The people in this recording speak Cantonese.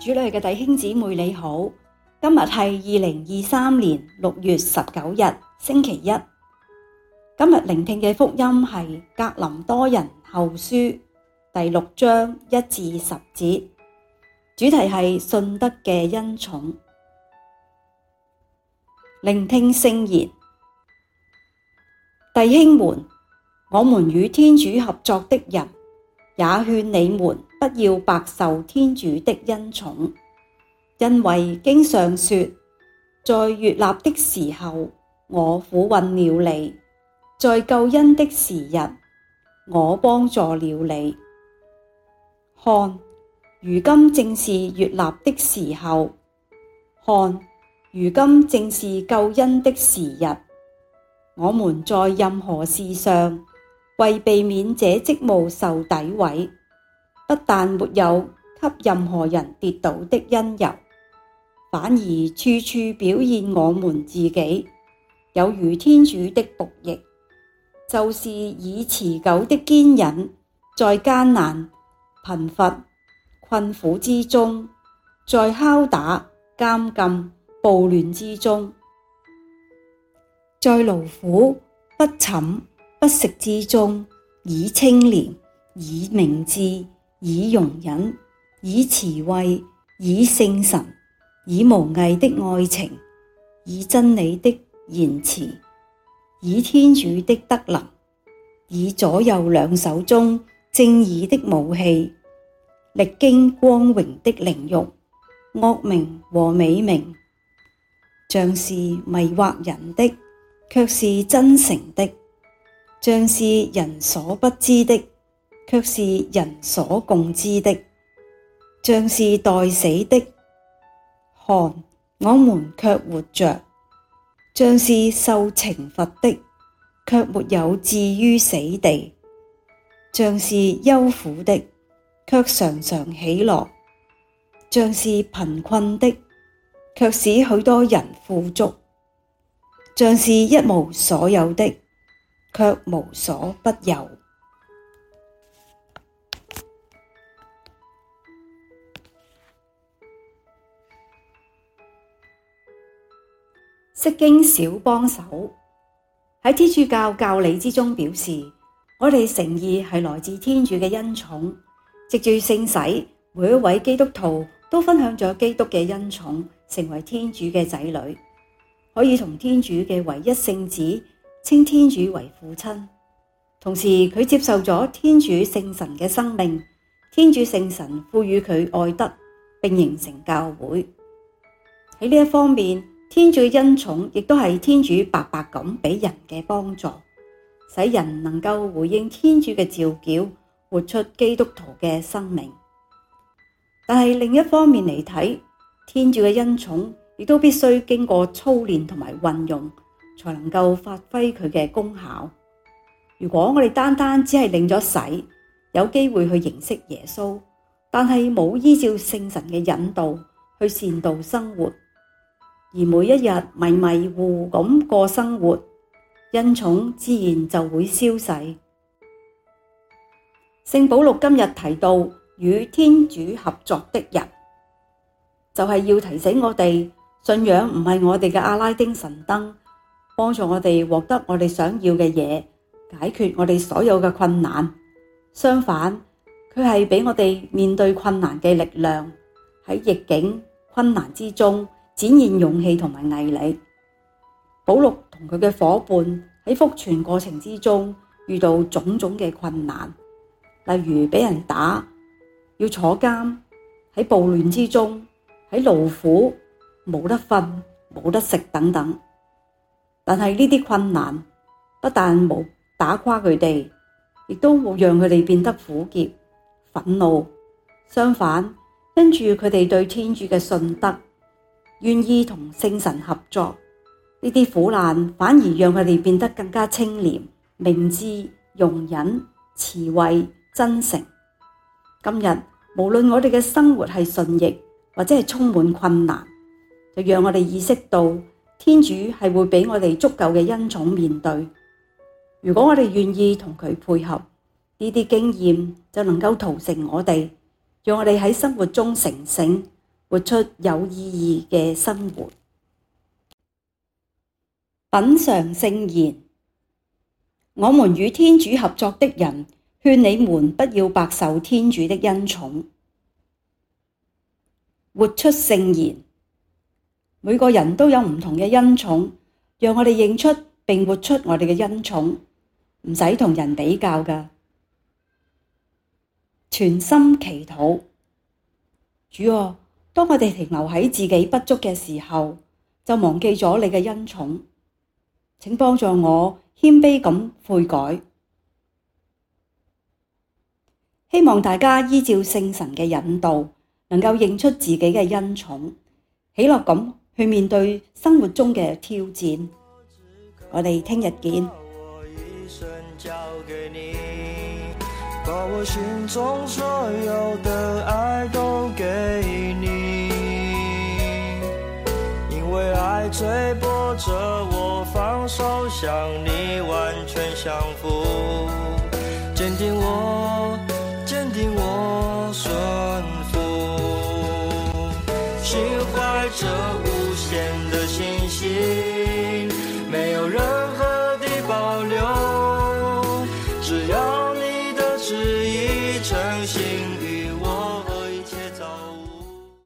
主內嘅弟兄姊妹你好，今日係二零二三年六月十九日星期一。今日聆聽嘅福音係格林多人後書第六章一至十節，主題係信德嘅恩寵。聆聽聖言，弟兄們，我們與天主合作的人，也勸你們。不要白受天主的恩寵，因為經上說，在悅納的時候，我俯允了你，在救恩的時日，我幫助了你。看，如今正是悅納的時候；看，如今正是救恩的時日。我們在任何事上為避免這職務受詆毀。不但沒有給任何人跌倒的因由，反而處處表現我們自己，有如天主的僕役，就是以持久的堅忍，在艱難、貧乏、困苦之中，在拷打、監禁、暴亂之中，在勞苦、不寢、不食之中，以清廉、以明智。以容忍，以慈惠，以聖神，以無偽的愛情，以真理的言辭，以天主的德能，以左右兩手中正義的武器，歷經光榮的凌辱，惡名和美名，像是迷惑人的，卻是真誠的，像是人所不知的。卻是人所共知的，像是待死的，看，我們卻活着；像是受懲罰的，卻沒有置於死地；像是憂苦的，卻常常喜樂；像是貧困的，卻使許多人富足；像是一無所有的，卻無所不有。釋經小幫手，喺天主教教理之中表示，我哋成義係來自天主嘅恩寵，藉住聖洗，每一位基督徒都分享咗基督嘅恩寵，成為天主嘅仔女，可以同天主嘅唯一聖子稱天主為父親。同時佢接受咗天主聖神嘅生命，天主聖神賦予佢愛德，並形成教會。喺呢一方面，天主嘅恩寵亦都係天主白白咁俾人嘅幫助，使人能夠回應天主嘅召叫，活出基督徒嘅生命。但係另一方面嚟睇，天主嘅恩寵亦都必須經過操練同埋運用，才能夠發揮佢嘅功效。如果我哋單單只係領咗洗，有機會去認識耶穌，但係冇依照聖神嘅引導去善道生活。而每一日迷迷糊糊咁過生活，恩寵自然就會消逝。聖保祿今日提到與天主合作的人，就係、是、要提醒我哋，信仰唔係我哋嘅阿拉丁神燈，幫助我哋獲得我哋想要嘅嘢，解決我哋所有嘅困難。相反，佢係俾我哋面對困難嘅力量，喺逆境困難之中。展現勇氣同埋毅力。保祿同佢嘅伙伴喺福傳過程之中遇到種種嘅困難，例如俾人打，要坐監，喺暴亂之中，喺勞苦，冇得瞓，冇得食等等。但係呢啲困難不但冇打垮佢哋，亦都冇讓佢哋變得苦澀憤怒。相反，跟住佢哋對天主嘅信德。願意同聖神合作，呢啲苦難反而讓佢哋變得更加清廉、明智、容忍、慈惠、真誠。今日無論我哋嘅生活係順逆，或者係充滿困難，就讓我哋意識到天主係會俾我哋足夠嘅恩寵面對。如果我哋願意同佢配合，呢啲經驗就能夠陶成我哋，讓我哋喺生活中成聖。活出有意義嘅生活，品嘗聖言。我們與天主合作的人，勸你們不要白受天主的恩寵。活出聖言，每個人都有唔同嘅恩寵，讓我哋認出並活出我哋嘅恩寵，唔使同人比較㗎。全心祈禱，主哦、啊。當我哋停留喺自己不足嘅時候，就忘記咗你嘅恩寵，請幫助我謙卑咁悔改。希望大家依照聖神嘅引導，能夠認出自己嘅恩寵，喜樂咁去面對生活中嘅挑戰。我哋聽日見。把我嘅生命交畀你，把我心中所有嘅愛都畀你，吹拂著我放手向你完全交付，堅定我。